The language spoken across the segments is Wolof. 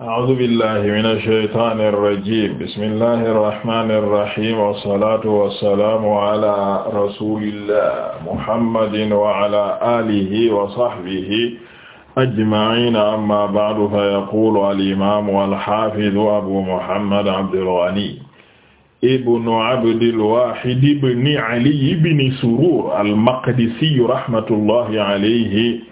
a'uuzu billahi mina shaytaani rajiim bismillahi rahmaani rahiim wasalaatu wasalaamu ala rasuulillah muhammadin wa ala aalihi wa sahbihi ajma'iin amma ba'du fa yaquulu al-imaamu al-haafidu abu muhammad abdul ghani ibnu abdil waahid ibni ali ibni suruur al-maqdisi rahmatullahi alayhi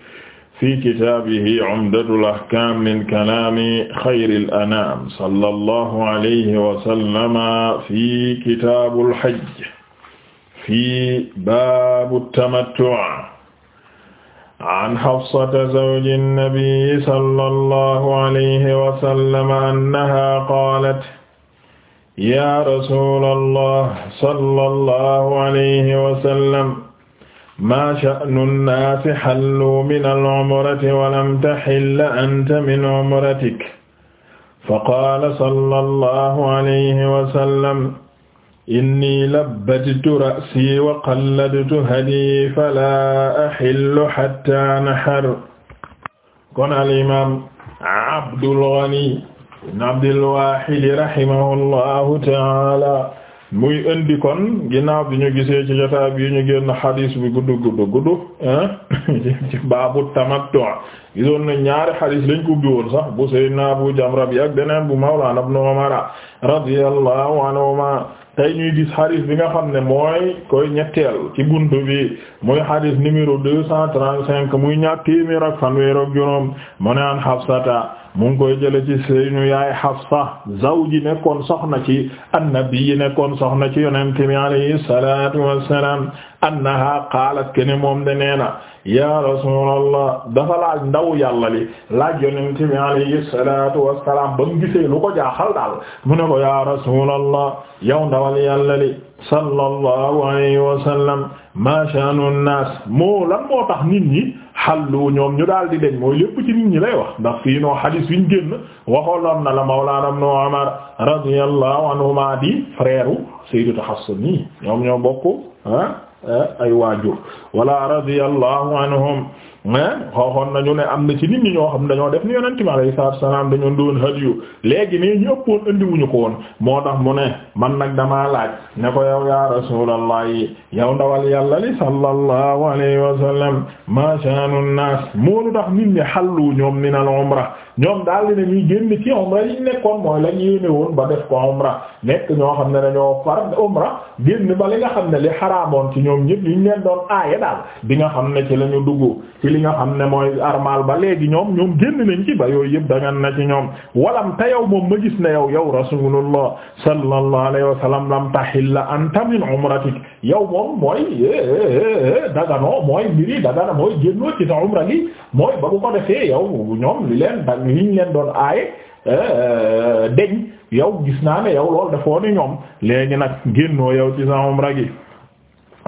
fi kitaabihi Umdatul Ahkaam min kalaami xayril anaam sallallahu alayhi wa sallama fi kitaabul hajj fi baabu tamattu' an Hafsata zawji nabi sallallahu alayhi wa sallama annahaa qaalat yaa rasuulallah sallallahu alayhi wa sallam maa sha'nu nnaasi xalluu min al-umrati wa lam taxilla anta min umratik fa qaala sallallahu alayhi wa sallam inni labbadtu ra'sii wa qalladtu hadyi falaa axillu xattaa naxar kon al-imaam Abdul Ghani ibn Abdil Waahid rahimahu llahu ta'aala muy indi kon ginnaaw bi ñu gisee ci jotaay bi ñu génn xadis bi gudd gudd gudd ci baabu tamattu gisoon na ñaari xadis lañ ko ubbi woon sax bu Seydina Abu Jamra bi ak beneen bu Mawlaana Ibnu Umar radiyallahu anhuma tey ñuy gis xadis bi nga xam ne mooy koy ñetteel ci buntu bi muy xadis numéro deux cent trente-cinq muy ñaar téeméer ak fanweer ak juróom mu ne an Hafsata mu ngi koy jële ci seenu yaay Hafsa zawji nekkoon soxna ci annabi yi nekkoon soxna ci yonent bi alayhi salaatu wassalaam annaha qaalat kene moom de nee na ya rasulallah dafa laaj ndaw yàlla li laaj yonent bi alayhi salatu wasalaam ba ko jaaxal daal mu ne ko ya rasulallah yow ndawal yàlla li sallallahu alayhi wa sallam ma sha'nu nnaas moo lan moo tax nit ñi xallu ñoom ñu daal di deñ mooy lépp ci nit ñi wax noo xadis wiñ génn waxooloon na la mawlaana ibnu Umar radiyallahu anhuma di frère u sayyidatu Hafsa nii ñoom ñoo bokk ah Eh, ay waajur wala radiyallahu anhum xooxoon eh, nañu ne am na ci nit ñi ñoo xam dañoo def ni yonent mi alayhi salaatu salaam dañu doon hadiyu léegi nii ñu ëppoon ko woon moo tax mu ne man nag damaa laaj ne ko yow ya rasulallahi yow ndawal yàlla li sallallahu alayhi wa sallam ma sha'nu nnaas moo tax nit ñi xallu ñoom min al ñoom daal di ne ñuy génn ci umra yi nekkoon mooy lañ yéene woon ba def ko umra nekk ñoo xam ne dañoo far umra génn ba li nga xam ne li xaraamoon ci ñoom ñëpp liñ leen doon aaya daal bi nga xam ne ci la ñu dugg ci li nga xam ne mooy armal ba léegi ñoom ñoom génn nañ ci ba yooyu yëpp dangan na ci ñoom walam te yow moom ma gis ne yow yow rasulullah sallallahu alayhi wa sallam lam tahilla anta min umratik yow moom mooy eh, eh, eh, daganoo mooy mbiri dagana mooy génnoo ci sa umra gi mooy ba bu ko defee yow ñoom li leen liñ leen doon aaye euh, deñ yow gis naa ne yow loolu dafoo ñoom léegi nag génnoo yow ci sa umra gi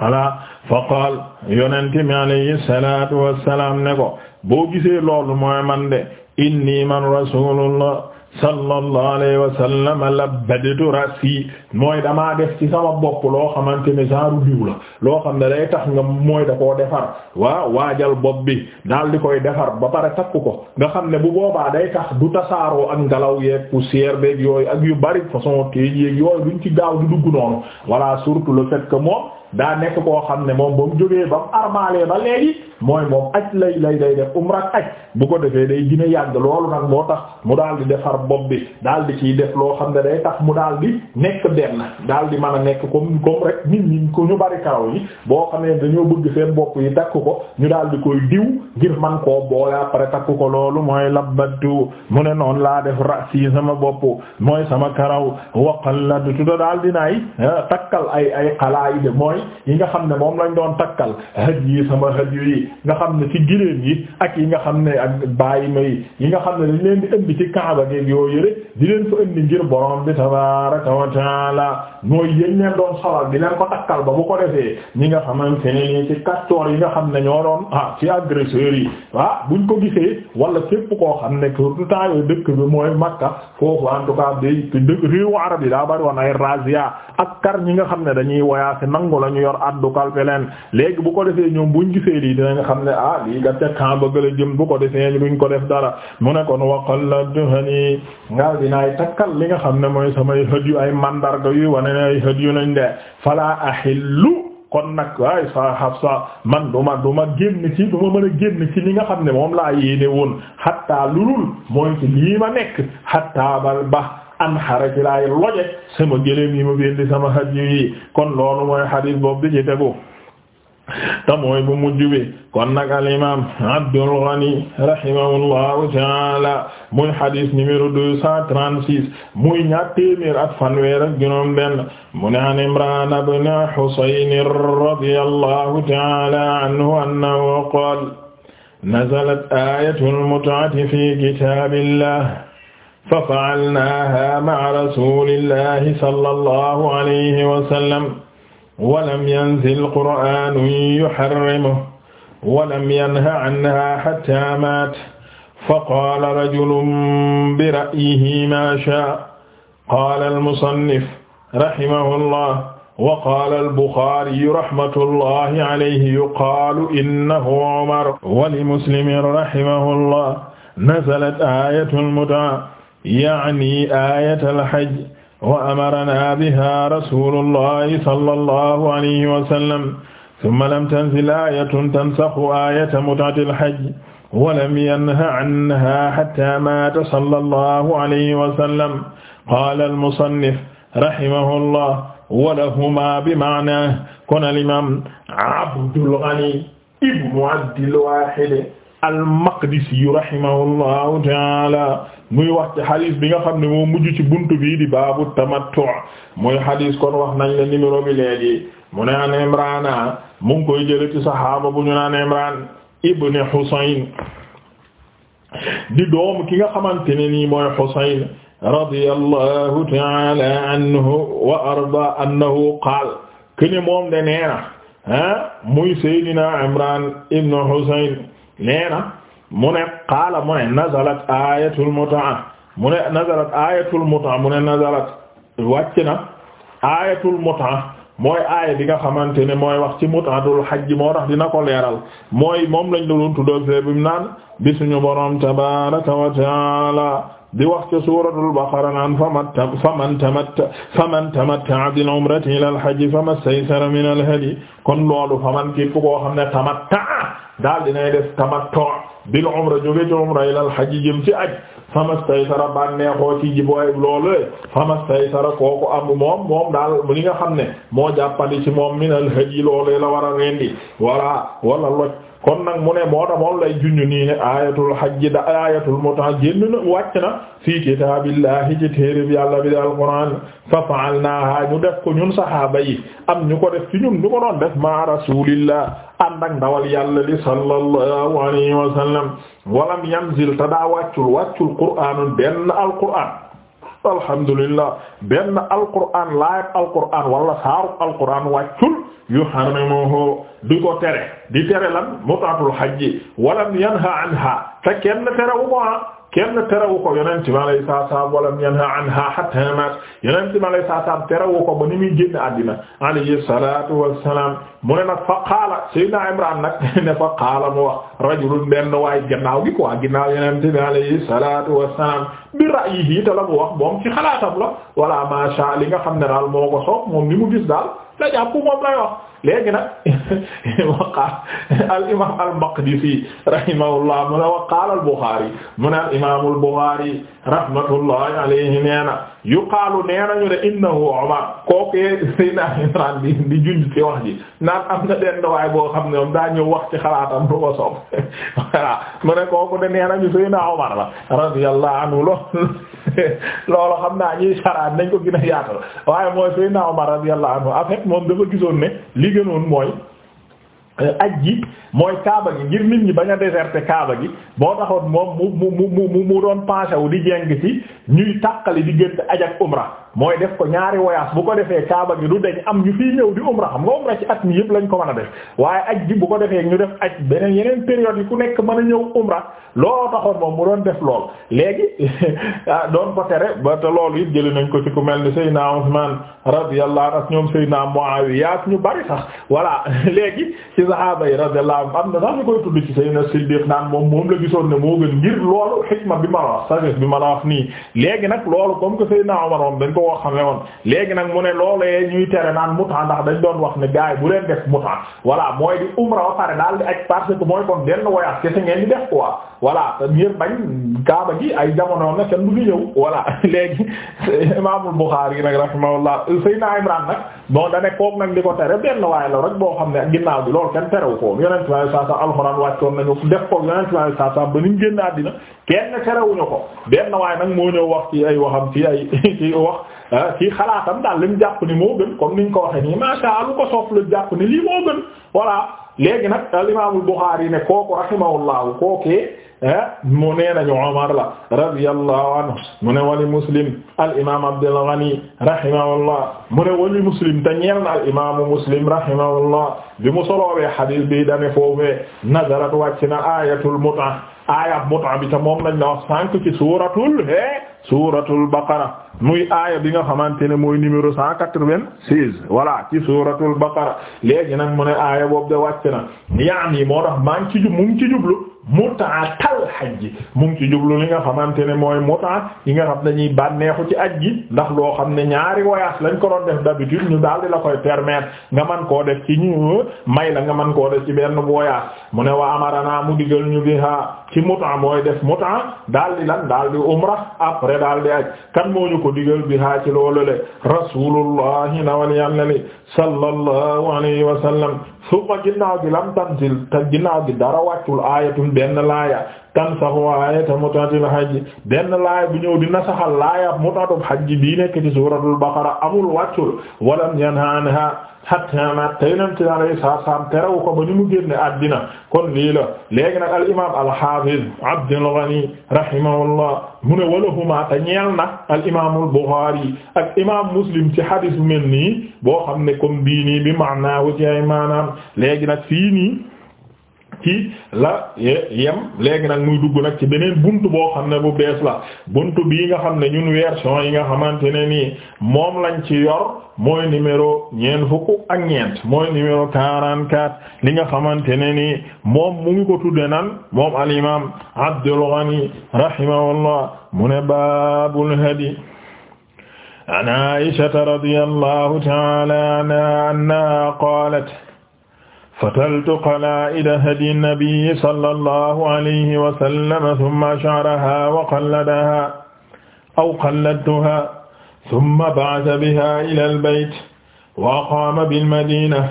voilà fa qaal yonente mi alayhi salatu wassalam ne ko boo gisee loolu mooy man de inni man rasulullah sallallahu alayhi la sallam labbadtu rasi mooy damaa def ci sama bopp loo xamante ne genre diw la loo xam ne day tax nga mooy da koo defar waa waajal bopp bi daal di koy defar ba pare takk ko nga xam ne bu boobaa day tax du tasaaroo ak ngelaw yeeg poussière beeg yooyu ak yu bari façon téej yéeg yooyu duñ ci daaw di dugg noonu voilà surtout le fait que moom daa nekk koo xam ne moom ba mu jógee ba mu armaalee ba léegi mooy moom aj lay lay day def umrak aj bu ko defee day gën a yàgg loolu nag moo tax mu daal di defar bopp bi daal di ciy def loo xam ne day tax mu daal di nekk benn daal di mën nekk comme comme rek ko ñu bari karaw boo xam ne dañoo bëgg seen bopp yi takk ko ñu daal di koy diw ngir man koo boole après ko loolu mooy labbatu mu ne noonu laa def rasi sama bopp mooy sama karaw waqal la du tuta daal dinaay eh, takkal ay ay xalaa yi de mooy yi nga xam ne moom lañ doon takkal haj yi sama haj yi nga xam ne ci giléen yi ak yi nga xam ne ak bàyyi may yi nga xam ne dañ leen di indi ci kaaba geeg yoo yëre di leen fa indi ngir borom bi tabaraka wa taala mooy yéen leen doon xalal di leen ko takkal ba bu ko defee ñi nga xamante ne nii ci kastoor yi nga xam ne ñoo doon ah ci agresseurs yi ah buñ ko gisee wala képp koo xam ne tout temps yooyu dëkk bi mooy Makka foofu en tout cas day dëkk réewu arab yi daa bari woon i razzia ak kar ñi nga xam ne dañuy woyaase wala ñu yor addu kalpe leen léegi bu ko defee ñoom buñ gisee lii dinañ xam ne ah lii ga teg temps bëgg la jëm bu ko defee duñ ko def dara mu ne kon waqal la duhani ngal dinaay takkal li nga xam ne mooy samay hëd yu ay mandarga yu wane ne ay hëd yu nañ de fala ahillu kon nag ay sa Hafsa man duma duma génn ci duma mën a génn ci li nga xam ne moom laa yéene woon xatta lulul mooy ci lii ma nekk xatta bal ba an xara ci laay loje sama gëléem yi ma bindi sama xaj kon loolu mooy xadiis boobu bi ci tegu bu mujj bi kon nag al imam Abdul Ghani rahimahullahu taala muy hadis numéro deux cent trente-six muy ñaar téeméer ak fanweer ak juróom benn mu ne an Imran ibn Husayn radiyallahu taala anhu annahu qaala nazalat ayatul mut'ati fi kitabillah fafa'alnaahaa ma'a rasuulillaahi sallallahu alayhi wa sallam wa lam yanzil qur'aanun yuharrimuhu wa lam yanha anhaa hattaa maata faqaala rajulun bira'yihi maa shaa'a qaala al-musannif rahimahullaah wa qaala al-buxaariyu rahmatullaahi alayhi yuqaalu innahu umar wa li muslimin rahimahullaah nazalat aayatul mut'a yaani aayatal hajj wa amaranaa bihaa rasuulullahi sallallahu alayhi wa sallam summa lam tanzil aayatun tansaxu aayata mut'atil hajj wa lam yanha anhaa hattaa maata sallallahu alayhi wa sallam qaala al-musannif rahimahullah wa lahumaa bima'naa kon al-imaam Abdul Ghani ibnu Abdil Waahid al-Maqdisi rahimahullahu ta'aala muy wax ci xadis bi nga xam ne moo mujj ci buntu bii di baabu tamattu muy xadis kon wax nañ la numéro bi léegi an Imraana mu ngi koy jële ci bu ñu naan Imraan ibn Husayn di doom ki nga xamante ne nii ah, muy Seydina Imraan ibn Husayn nee na qaala mu ne nazalat ayatul mutaa mu ne nazalat ayatul mutaa mu ne nazalat wàcc na ayatul mutaa mooy aaya bi nga xamante ne mooy wax ci mutaatul xajj moo tax dina ko leeral mooy moom lañ doon tuddoo fee bi mu naan bi suñu boroom tabaaraka wa taala di wax ca suuratul baqara naan famata faman tamatta faman tamatta bil umrati ila al hajj famastaysara min al hadi kon loolu faman képp koo xam ne tamatta daal dinay def tamattu bil umra jóge ci umra ila al hajj jëm ci aj famastaysara bànneexoo ci jiboy loolu famastaysara kooku am moom moom daal li nga xam ne moo jàppandi ci moom min al hajj loolu la war a rendi wala wala kon nag mu ne moo tax moom lay junj nii ne ayatul hajj da ayatul muta génn na wàcc na fii kitaabillahi ci téereb yàlla bi alquran fa fa'alnaaha ñu def ko ñun sahaaba yi am ñu ko def ci ñun ñu ko doon def ma rasulillah ànd ak ndawal yàlla li sallallahu alayhi wa sallam walam yanzil te daa wàccul wàccul qur'aanun benn alquran alhamdulillah benn alquran laayab alquran wala saaru alquran wàccul yuharrimuhu di ko tere di tere lan mutaatul hajji walam yanha anha te kenn terewu ko ah. kenn terewu ko yonent bi alayhi salaam walam yanha anha hatta maat yonent bi alayhi salaam terewu ko ba ni muy génn àddina alayhi salaatu wassalaam mu ne nag fa qaala sayyidina Imraan nag ne fa qaala mu wax rajulun benn waay gannaaw gi quoi ginnaaw yonent bi alayhi salaatu wassalaam bi ra'yihi te la mu wax moom ci xalaatam la walla ma sha li nga xam ne daal moo ko soog moom ni mu gis daal la jàpp moom lay wax léegi nag waqaal al imam al maqdisi rahimahullah mu ne waqaal al buxaari mu ne al imam al buxaari rahmatullahi alayhi neena yuqaalu nee nañu ne innahu Umar kookee Seydina Imran di di junj ci wax ji naan am na benn waay boo xam ne moom daa ñëw wax ci xalaatam lu ko soob voilà mu ne kooku de nee nañu Seydina Umar la radiyallahu anhu loolu loolu xam naa ñuy saraat nañ ko gën a la waaye mooy Seydina Umar radiyallahu anhu en fait moom dafa gisoon ne lii gënoon mooy Euh, aj gi mooy kaaba gi ngir nit ñi bañ a déserté kaaba gi boo taxoon moom mu mu mu mu doon penché wu di jeng ci ñuy tàqali di génn aj ak umra mooy def ko ñaari voyage bu ko defee kaaba gi du deñ am ñu fiy ñëw di umra xam nga umra ci at mi yëpp lañ ko mën a def waaye aj gi bu ko defee ñu def aj beneen yeneen période yi ku nekk man a ñëw umra looloo taxoon moom mu doon def lool léegi ah doon ko tere ba te loolu it jëli nañ ko ci ku mel ni Seydina Usman radiyallahu anhu ñoom naa Seydina Muawiya ñu bari sax voilà léegi ci sahaaba yi radiyallahu anhu am na sax ñu koy tudd ci Seydina Siddiq naan moom moom la gisoon ne moo ngir loolu ma wax sagesse bi ma la léegi nag loolu comme que Seydina Umar ko ko xamee woon léegi nag mu ne loolee ñuy tere naan muta ndax dañ doon wax ne gars bu leen def a voilà mooy di umra ba pare daal di aj parce que mooy kon benn voyage kese ngeen di def quoi voilà te ngeen bañ kaaba gi ay jamono na kenn du ñëw voilà léegi Imaamul Buxaari nag rahimahullah Seydina Imraan nag bon da ne kook nag di ko tere benn waaye la rek boo xam ne ginnaaw bi loolu kenn terewu ko yonent bi sallallahu alayhi wàccoon nañu def ko yonent bi sallallahu alayhi wasallam ba ni mu génn àddina kenn terewuñu ko benn waaye nag moo ñëw wax ci ay waxam ci ay ci wax ah, ci xalaatam daal li mu jàpp ni moo gën comme ni ñu ko waxee nii masha Allah lu ko soof lu jàpp ni lii moo gën voilà léegi nag al imaamul Buxaari ne kooku rahimahullahu kookee Eh? mu nee nañu Umar la radiyallahu anhu mu ne wali Muslim al imaam Abdul Ghani rahimahullah mu ne wali Muslim te ñeel na al imaamu Muslim rahimahullah bi mu soloobee xadiis bi dane nazarat wàcc na ayatul mut'a aaya mut'a bi te moom lañ la wax sànq ci suuratul hee eh? suuratul baqara muy aaya bi nga xamante ne mooy numéro cent quatre-vingt-seize voilà ci suuratul baqara léegi nag mu ne aaya boobu de wàcc na yaani moo tax maa mutaatal hajji mu ngi ci jublu li nga xamante ne mooy mutaa yi nga xam dañuy bànneexu ci aj gi ndax loo xam ne ñaari voyage lañ ko doon def d'habitude ñu daal di la koy permettre nga man koo def ci ñu may la nga man koo def ci benn voyage mu ne wa amarana mu digal ñu biha ci muta mooy def muta daal di lan daal di umra après daal di aj kan moo ñu ko digal bi haa ci loolu le rasulullahi nawal yàlla li sallallahu alayhi wa sallam summa ginnaaw gi lam tanzil te ginnaaw gi dara wàccul aayatun benn laaya tansaxu aayata mutatil hajj benn laaya bu ñëw di nasaxal laaya mutatul hajj bii nekk ci suuratul baqara amul wàccul walam yanha anha hatta mat tey nam ci alayhi salaam terewu ba ni mu génne àddina kon lii la léegi al imaam al haafiz Abdul Ghani rahimahullah mu ne walahuma te ñeel na al imaamul Buxaari ak imaam Muslim ci hadis bu mel nii boo xam ne comme bii bi maanaawu ci ay maanaam léegi nag fii nii. ci la yem léegi nag muy dugg nag ci beneen bunt boo xam ne bu bees la buntu bii nga xam ne ñun version yi nga xamante ne nii moom lañ ci yor mooy numéro ñeent fukk ak ñeent mooy numéro 44 li nga xamante ne nii moom mu ngi ko tudde nan moom al imam Abdul Ghani rahimahullah mu ne baabul hadi an Aisha radiyallahu ta'ala anha annaha qalat fataltu qalaa'ida hadyi nabiyyi sallallahu alayhi wa sallam thumma ash'arahaa wa qalladahaa aw qalladtuhaa thumma ba'atha bihaa ilal bayt wa aqaama bil madiina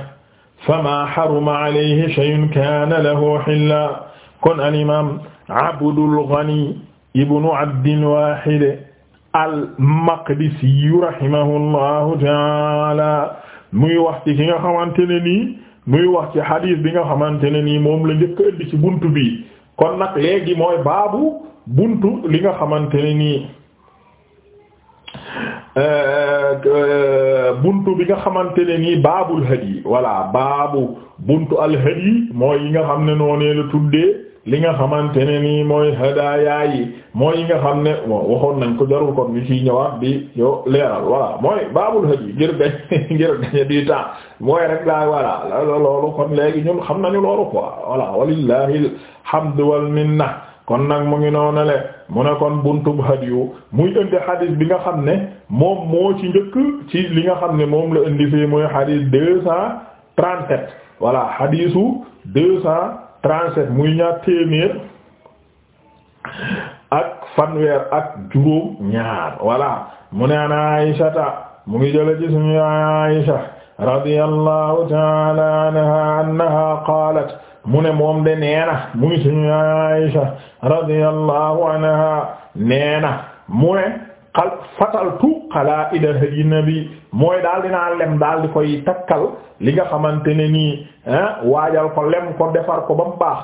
famaa haruma alayhi shay'un kaana lahu hillan kon al-imaam Abdul Ghani ibnu Abdil Waahid al-Maqdisi rahimahullahu ta'aala muy wax ci ki nga xamante ne nii muy wax ci xadiis bi nga xamante ne nii moom la njëkk a ci bunt bi kon nag léegi mooy baabu bunt li nga xamante ne nii euh, buntu bi nga xamante ne nii baabul hadi walla baabu buntu al hadi mooy yi nga xam ne noonee la tuddee li nga xamante ne nii mooy hadaaya yi mooy yi nga xam ne waxoon nañ ko jarul kon ñu ciy ñëwaat di yo leeral voilà mooy baabul hadi ngir gañ ngir gañ du temps mooy rek laa voilà loolu kon léegi ñun xam nañu loolu quoi voilà walillahi alhamdu wal na kon nag mu ngi noonale mu ne kon buntub hadiyu muy indi hadis bi nga xam ne moom moo ci njëkk ci li nga xam ne moom la indi fii muy hadis deux cent trente-sept voilà hadisu deux 37 muy ñaar téeméer ak fanweer ak juróom ñaar voilà mu ne ana Aysata mu ngi jële ci suñu Aysa radiyallahu ta'ala anha annaha mu ne moom de neena mu ngi suñu Aysa radiyallahu anha neena mu ne fataltu qalaa'ida hadiyi nabi mooy daal dinaa lem daal di koy takkal li nga xamante ne nii waajal ko lem ko defar ko ba mu baax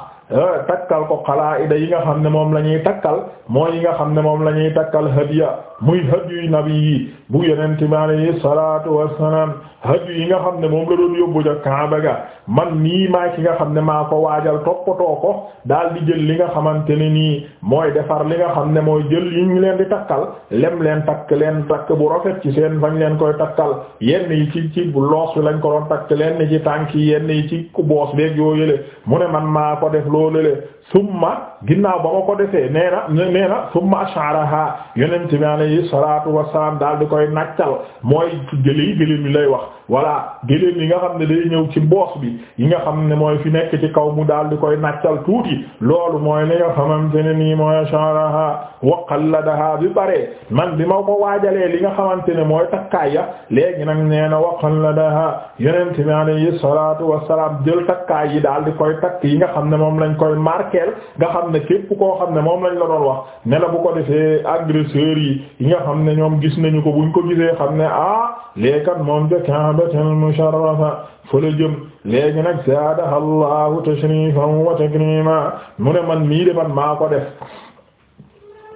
takkal ko xalaa xalaida yi nga xam ne moom la ñuy takkal mooy yi nga xam ne moom la ñuy takkal hadiya muy hadiyu nabi yi bu yenente bi alayhi salatu wassalam haj yi nga xam ne moom la doon yóbbu ja Kaaba ga man nii maa ki nga xam ne maa ko waajal toppatoo ko daal di jël li nga xamante ni nii mooy defar li nga xam ne mooy jël yi ñu leen di takkal lem leen takk leen takk bu rafet ci seen fañ leen koy takkal yenn yi ci ci loos bi lañ ko doon takk leen ni ci tànk yi yenn yi ci boos beeg yoo yële mu ne man maa ko def loolu le summa ginnaaw ba ma ko defee nee na nee na summa asharaha yonent bi alayhi salaatu wassalaam daal di koy naccal mooy jëli gëlim lay wax voilà géléem yi nga xam ne day ñëw ci mboos bi yi nga xam ne mooy fi nekk ci kaw mu daal di koy nàccal tuuti loolu mooy li nga xamante ne nii mooy sharaha la qalladaha bi bare man bi ma ko waajalee li nga xamante ne mooy takkaay ya léegi nag nee na wa qalladaha yonent bi alayhi salatu wasalaam jël takkaay yi daal di koy takk yi nga xam ne moom lañ koy marquer nga xam ne képp koo xam ne moom lañ la doon wax ne la bu ko defee agresseurs yi yi n ñoom gis nañu ko buñ ko gisee xam ne ah léekat moom jëkk alkaabatal musharrafa fa la jëm léegi zaadaha allahu tashrifan wa takrima mu ne man mii de man maa ko def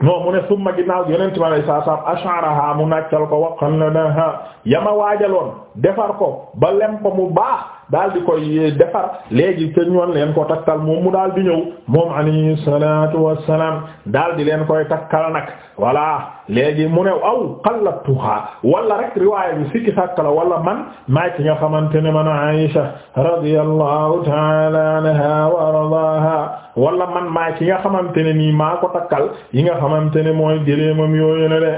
non mu ne ginnaaw yonent mi alayhi salaatu salaam ash'araha mu ko waqan la daha yama waajaloon defar ko ba lem mu baax daal di koy defar léegi te ñoon leen ko takkal moom mu daal di ñëw moom alayhi salaatu wassalaam daal di leen koy takkal nag voilà léegi mu ne aw xallattuhaa wala rek riwaaya sikki sàkkala wala man maay ki nga xamante ne man Aisha radiyallahu ta'ala anha wa man maay ki nga xamante ne nii maa ko takkal yi nga xamante ne mooy gëléemam yooyu ne de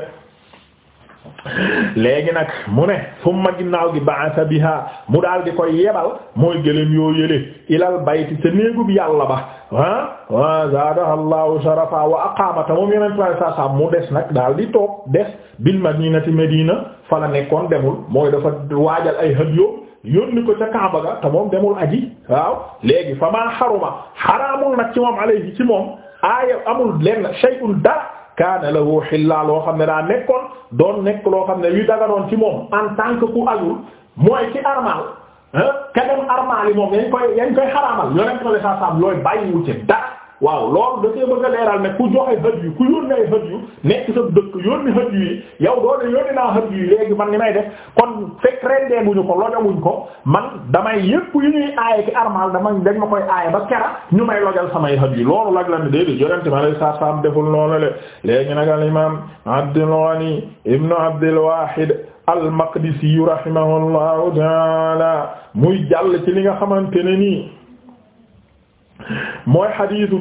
léegi nag mu ne summa ginnaaw gi ba'atha biha mu daal di koy yebal mooy gëléem yoo yële ilal bayti te néegub yàlla ba ah wa zaadaha allahu sharafa wa aqaamata moom yeneen trois cent mu des nag daal di toog des bil madinati medina fa la nekkoon demul mooy dafa waajal ay hadiyo yónni ko ca Kaaba ga te demul aji waaw léegi fa maa xaruma xaraamul nag ci moom alayhi ci moom aaya amul lenn shay'un dara kaana lahu xillaa loo xam ne daa nekkoon doon nekk loo xam ne yu daganoon ci moom en tant que ku ajul mooy ci armal ah ka dem armal yi moom yañ koy yañ koy xaraamal yonent sallallahu alayhi wasallam yooyu bàyyiwu ci dara waaw loolu dafay bëgg a leeral ne ku joxe hëj yu ku yónnee ay hëj yu nekk sa dëkk yónni hëj yi yow doone yónni naa hëj yi léegi man ni may def kon fekk rendee buñu ko lojawuñ ko man damay yëpp yu ñuy aaye ci armal dama dañ ma koy aaye ba kera ñu may lojal samay hëj yi loolu lag la ne déedéet yonente ma lay sa sam deful noonu le léegi nag al imam Abdul Ghani ibnu Abdul Wahid al Maqdisi rahimahullahu muy jàll ci li nga xamante ne nii mooy xadiisu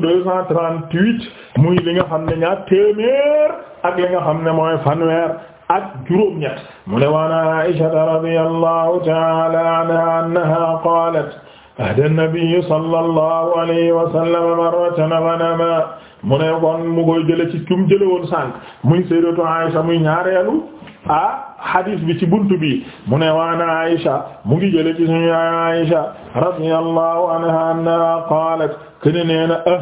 muy li nga xam ne ñaar téeméer ak li nga xam ne mooy fanweer ak juróom-ñett mu ne waan Aisha radiyallahu ta'ala anha annaha qalat ahda an-nabiy sallallahu alayhi wa sallam marratan ghanama mu ne kon mu koy jële ci cum jële woon sànq muy sayyidatu Aisha muy ñaareelu ah hadis bi ci bunt bi mu ne waana Aisha mu ngi jële ci suñu Aisha radiyallahu anha annaha qalat kene nee na ah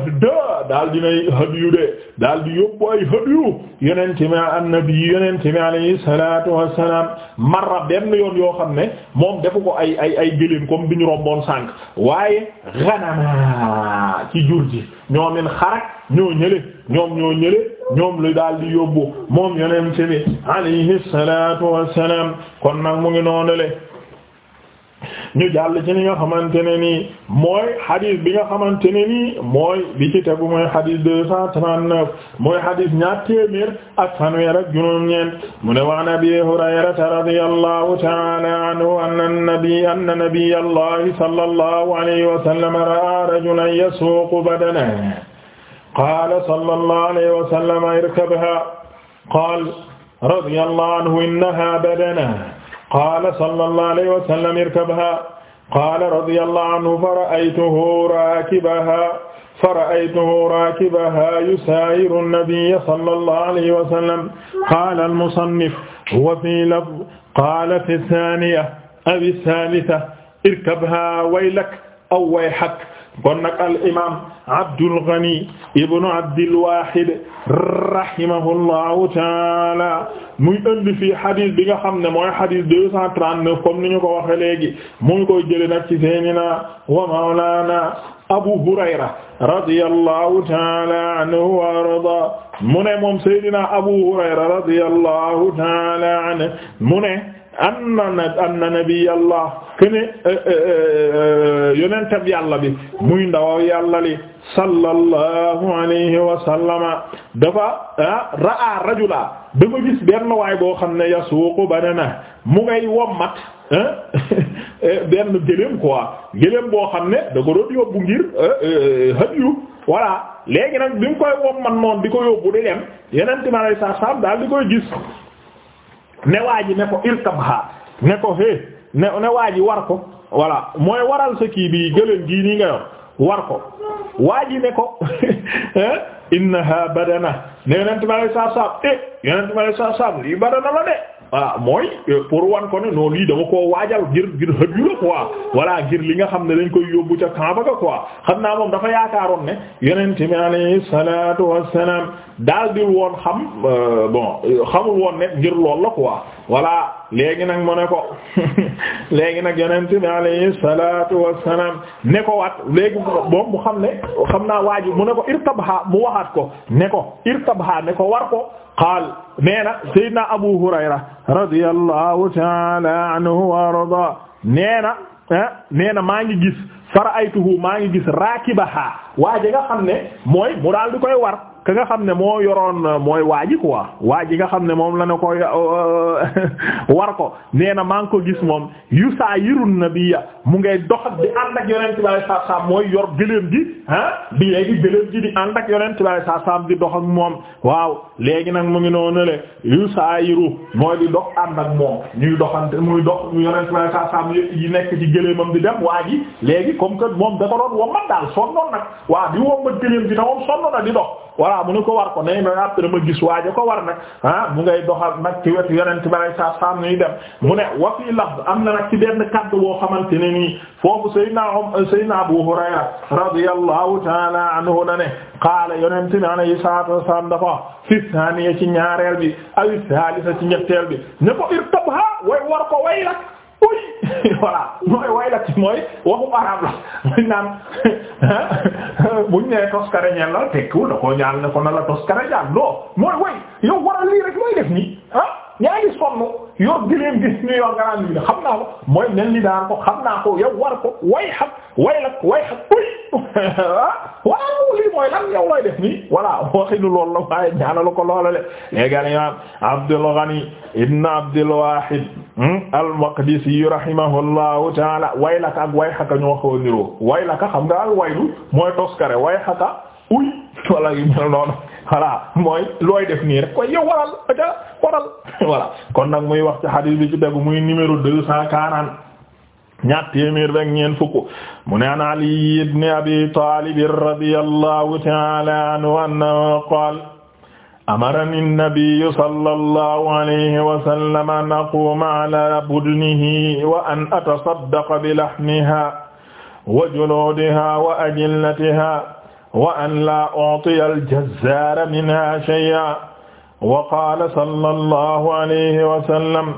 daal dinay hadiyu de daal di yóbbu ay hadiyu yonente mi annabi yonente mi alayhi salatu wassalam marra benn yoon yoo xam ne moom defu ko ay ay ay gëléem comme bi ñu romboon sànq waaye ganama ci jur ji ñoomin xarak ñoo ñële ñoom ñoo ñële ñoom lu daal di yóbbu moom yonent bi alayhi salaatu mu ngi noonu le ñu jàll ci li nga xamante ne ni mooy hadith bi nga xamante ne nii mooy bi ci tegu mooy hadith deux cent mooy hadith ñaar téeméer ak fanweer ak juróom mu ne wa an Abi Hurayrata radiyallahu ta'ala anhu anna nabiyya anna nabiyya rajulan yasuuqu badanahu qaala sallallahu alayhi wa sallam irkabha qaala radiyallahu anhu innaha badana qaala sallallahu alayhi wa sallam irkabha qaala radiyallahu anhu fara'aytuhu raakibaha fara'aytuhu raakibaha yusaayiru nabiyya sallallahu alayhi wa sallam qaala al-musannif wa fii lafz qaala fi saaniya aw saalisata irkabha waylak aw wayhak kon nag al imaam Abdul Ghani ibn Abdil Wahid rahimahullahu taala muy indi fii hadith bi nga xam ne mooy hadith deux cent trente-neuf comme ni ñu ko waxee léegi mu ngi koy jëlee nag ci Seydina wa Mawlana Abu Hurayra radiyallahu taala anhu wa arda mu ne moom Seydina Abu Hurayra radiyallahu taala anhu mu ne anna anna nabiyallah kene euh, euh, euh, yonentab yàlla bi muy ndawaw yàlla li sallallahu alayhi wa sallama dafa ah, ra'a rajula dafa gis benn waay boo xam ne yasuuqu na mu ngay wommat benn gëléem quoi gëléem boo xam ne da ko doon yóbbu ngir hadiyu voilà léegi nag bi mu koy wommat noonu di ko yóbbu di dem yeneen ma lay sa sam daal di koy gis ne waa ji ne ko irkabha ne ko hé ne ne waa ji war ko voilà mooy waral sa kii bi gëléem gii nii nga yor war ko waa ji ne ko innaha badana ne yonent ma lay saab saab eh yonent ma lay saab saab lii badana la de voilà mooy euh, pour wan ko ne noonu lii dama ko waajal ngir ngir hëju la quoi voilà ngir li nga xam ne dañ koy yóbbu ca Kaaba ga quoi xam naa moom dafa yaakaaroon ne yonent bi alayhi salaatu wassalaam daal di woon xam euh, bon xamul woon ne ngir lool la quoi voilà léegi nag mu ne ko léegi nag yonent bi alayhi salaatu wassalaam ne ko waat léegi moom mu xam ne xam naa waa ji mu ne ko irtabha mu waxaat ko ne ko irtabha ne ko war ko qaal nee na Seydina Abu Hurayra radiyallahu ta'ala anhu wa arda nee na eh, nee na maa ngi gis fara aytuhu maa ngi gis raakibaha waa ji nga xam ne mooy mu daal di koy war ka nga xam ne moo yoroon euh, mooy waaji quoi waaji nga xam ne moom la ne ko euh, euh, war ko nee na maa ngi ko gis moom yu saa yirun nabiyya mu ngay doxat ak bi sallallahu mooy yor gëléem gi ah di léegi ànd ak yonent bi sallallahu alayhi di dox ak moom waaw léegi nag mu ngi noonu le yu saa yiru mooy di dox ànd ak moom ñuy doxante muy dox yonent bi sallallahu alayhi wasallam yi nekk ci gëléemam di dem waaji léegi comme que moom da ko doon wommat daal sonnoon nag waaw di wommat gëléem gi ta moom sonnoon na di dox voilà mu ne ko war ko ne ma après ma gis waajo ko war nag ah mu ngay doxal nag ci wetu yonent bi alay saa salaam ñuy dem mu ne wa am na nag ci benn kaddu boo xamante ne nii foofu sayyidina sayyidina Abu Hurayra radiyallahu ta'ala anhu na ne qaala yonent bi alayhi salaatu wassalaam dafa fi thaniya ci ñaareel bi aw thalitha ci ñetteel bi ne ko irtabha way war ko way oui voilà mooy way la ci mooy waxu arab la muy naan buñ nee toskare ñeel la tekkiwul da koo ñaan ne ko na la toskare ñaan non mooy way yow waral lii rek looy def nii ah ñaa ngi sonn yor giléem gis ñu yor garaan bi xam naa ko mooy mel ni daan ko xam naa ko yow war ko way xat way la way xat uy ah, waaw lii mooy lan yow looy def nii voilà waxinu loolu la waaye ñaanalu ko loolale léegi al imam Abdul Ghani ibn Abdul Wahid Hmm? al-Maqdisi rahimahullahu taala waylaka ak wayxaka ñoo xaw niroo waylaka xam nga al waylu mooy toskare wayxaka uy wala yu mel noonu voilà mooy looy def nii rek koy yow waral aja kon nag muy wax ci bi ci tegu muy numéro deux cent quarante ñaar téeméer rek fukk mu ne an Ali ibn Abi Talib radiyallahu taala anhu annahu qaala amarani nabiyyu sallallahu alayhi wa sallam an aquma ala budnihi wa an atasaddaqa bi lahmiha wa juludiha wa ajillatiha wa an laa u'tiya al-jazzaara minha shay'an wa qaala sallallahu alayhi wa sallam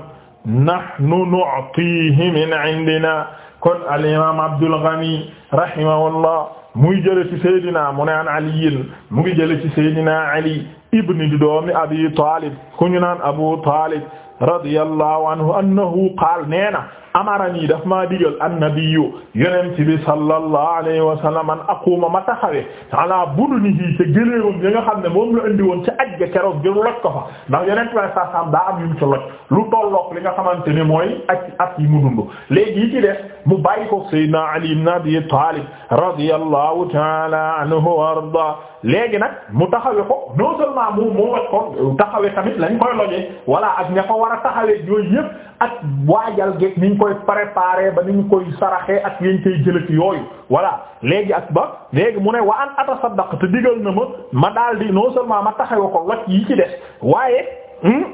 nahnu nu'tiihi min 'indinaa kon al-imaam Abdul Ghani rahimahullah muy jële ci Seydina mu naan Aliyin mu ngi jële ci Seydina Ali ibni di doomi abi talib ku ñu naan abu talib radiyallahu anhu annahu qaal neena amarani daf maa digal annabiyu yonent bi sallallahu alayhi wa sallam an aquma ma taxawee ala budunihi ca gëléemam ya nga xam ne moom la andi woon ca ajja keroog jël loj ko fa ndax yonent bi saa saam daa am yu mu ca loj lu tolloog li nga xamante ne mooy ak at yi mu dund léegi yi ci des mu bàyyi ko sayyidina ali ibn abi talib radiyallahu ta'ala anhu wa arda léegi nag mu taxawe ko non seulement mu mu wet ko taxawe tamit lañ koy lojee walla ak ña fa war a taxawee yooyu yëpp ak waajal geeg ni ñu koy préparer ba ni ñu koy saraxee ak yañ koy jëlati yooyu voilà léegi ak ba léegi mu ne wa an atasaddaq te digal na ma ma daal di non seulement ma taxawe ko loj yi ci des waaye hmm,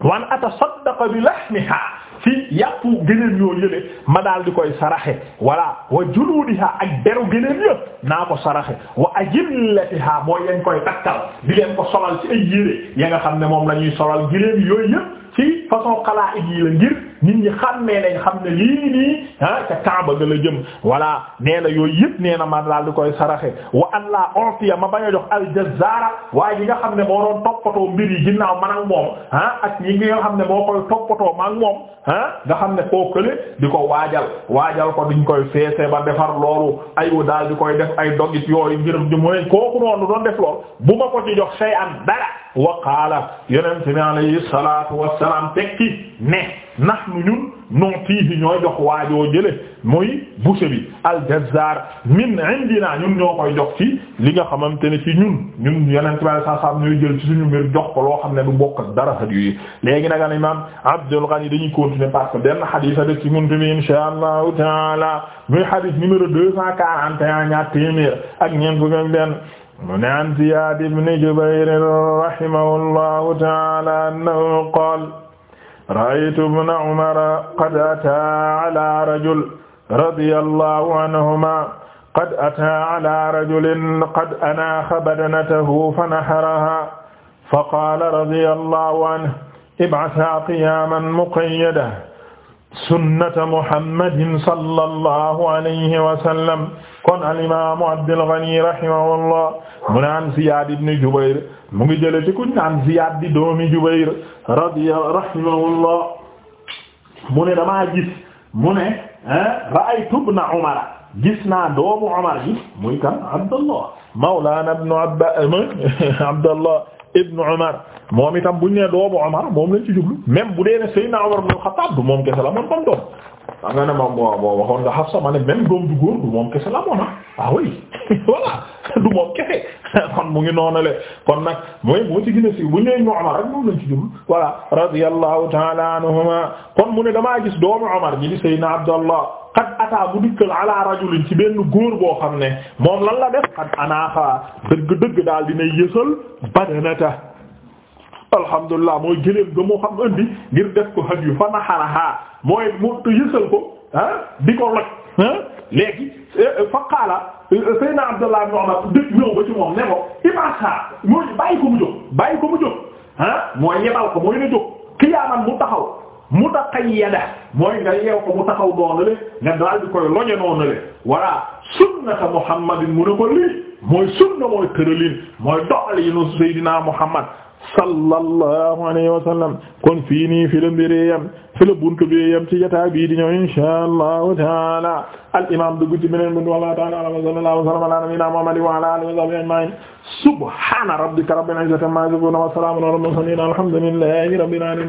wan atasaddaq bi lahmiha ci yàqu gëneen yoo yële ma daal di koy saraxe walla wa juluudiha ak deru gëneen yëpp naa ko saraxe wa ajillatiha mooy yañ koy takkal di leen ko solal ci ay yére ya nga xam ne moom la ñuy solal gëneen yooy yëpp ci façon xalaa'it yi la ngir nit ñi ne nañ xam ne lii nii ah ca Kaaba ga la jëm voilà nee na yooyu yëpp nee na man laal di koy saraxe wa an la ontiya ma bañ a jox aljazaara waaye yi nga xam ne moo doon toppatoo mbir yi ginnaaw man ak moom ah, ak ñi nga xam ne moo koy toppatoo ma ak moom ah nga xam ne koo kële di ko waajal waajal ko diñ koy feese ba defar loolu ayu daal di koy def ay dogit yooyu ngir mooy kooku noonu doon def loolu bu ma ko ci jox shay an dara wa qaala yonent bi alayhi salaatu wassalaam tekki ne nahnu ñun non fiihi ñooy jox waajoo jële muy boucher bi al-Jazzar min indina ñun ñoo koy jox ci li nga xamante ne ci ñun ñun yonent bi alayhi salaam ñooy jël ci suñu mbir jox ko loo xam ne du bokk dara xaj yi léegi nag al imam Abdul Ghani dañuy continuer parce que benn hadith a def ci muntu bi insha allahu taala muy hadith numéro deux cent quarante et un ak ñeent bu ngeen benn mu ne an Ziyaad ibn Jubayr rahimahullahu ta'ala annahu qaala ra'aytu ibna Umara qad ataa ala rajul radiyallahu anhuma qad ataa ala rajulin qad anaaxa badanatahu fanaharaha faqaala radiyallahu anhu ib'athaa qiyaaman muqayyadan sunnata muhammadin sallallahu alayhi wa sallam kon alimaamu Abdul Ghani rahimahullah mu naan Ziyaad ibn Jubayr mu ngi jëlee ci ku naan Ziyaad di doomi Jubayr radiya rahimahullah mu ne damaa gis mu ne ra'aytu ibna Umar gis naa doomu Umar yi muy kan Abdallah mawlaana ibn Abba Abdallah ibnu Umar moom itam bu ne doomu Umar moom lañ jublu même bu dee ne Seydina Umar ibn Xattaab du moom kese la moom comme doom xam nga ne ma moo moo waxoon nga Hafsa ma ne même doom du góor du moom kese la moona ah oui voilà du moom kese kon mu ngi noonale kon nag mooy moo ci gën a si buñ ne ñu Umar rek moom lañ ci jublu voilà radiyallahu ta'ala anhuma kon mu ne damaa gis doomu Umar ji di Seydina Abdallah qad ataa bu dikkal ala rajulin ci benn góor boo xam ne moom lan la def qad anaaxa dëgg-dëgg daal dina yësal badanata alhamdulilah mooy gëléem ga moo xam andi ngir def ko haj yu fa naxaraha mooy mu yësal ko ah di ko loj ah léegi eh, fa qaala eh, Seydina Abdullah ibn Umar dëgg ñëw ba ci moom ne ko imaasa mooy bàyyi ko mu jóg bàyyi ko mu jóg ah mooy yebal ko mooy na jóg kiyaaman mu taxaw mutaqayyada mooy nga yeew ko mu taxaw noonu le nga daal di koy loñe noonu le walla sunnata muhammadin mu ne ko lii mooy sunna mooy tëralin mooy doxalinu seydina muhammad sallallahu alayhi wa sallam kon fii nii fi la mbiri yam fi la buntu bi yam ci jataa bii di ñëw inshaa allahu taala al imam dugg ci beneen buntu wallahu taala alam wa sallallahu wa sallam ala nabiyina muhammadin wa ala alihi wa sahbihi ajma'in subhana rabbika rabbil izzati amma yasifun wa salamun ala al mursalin alhamdulillahi rabbil alamin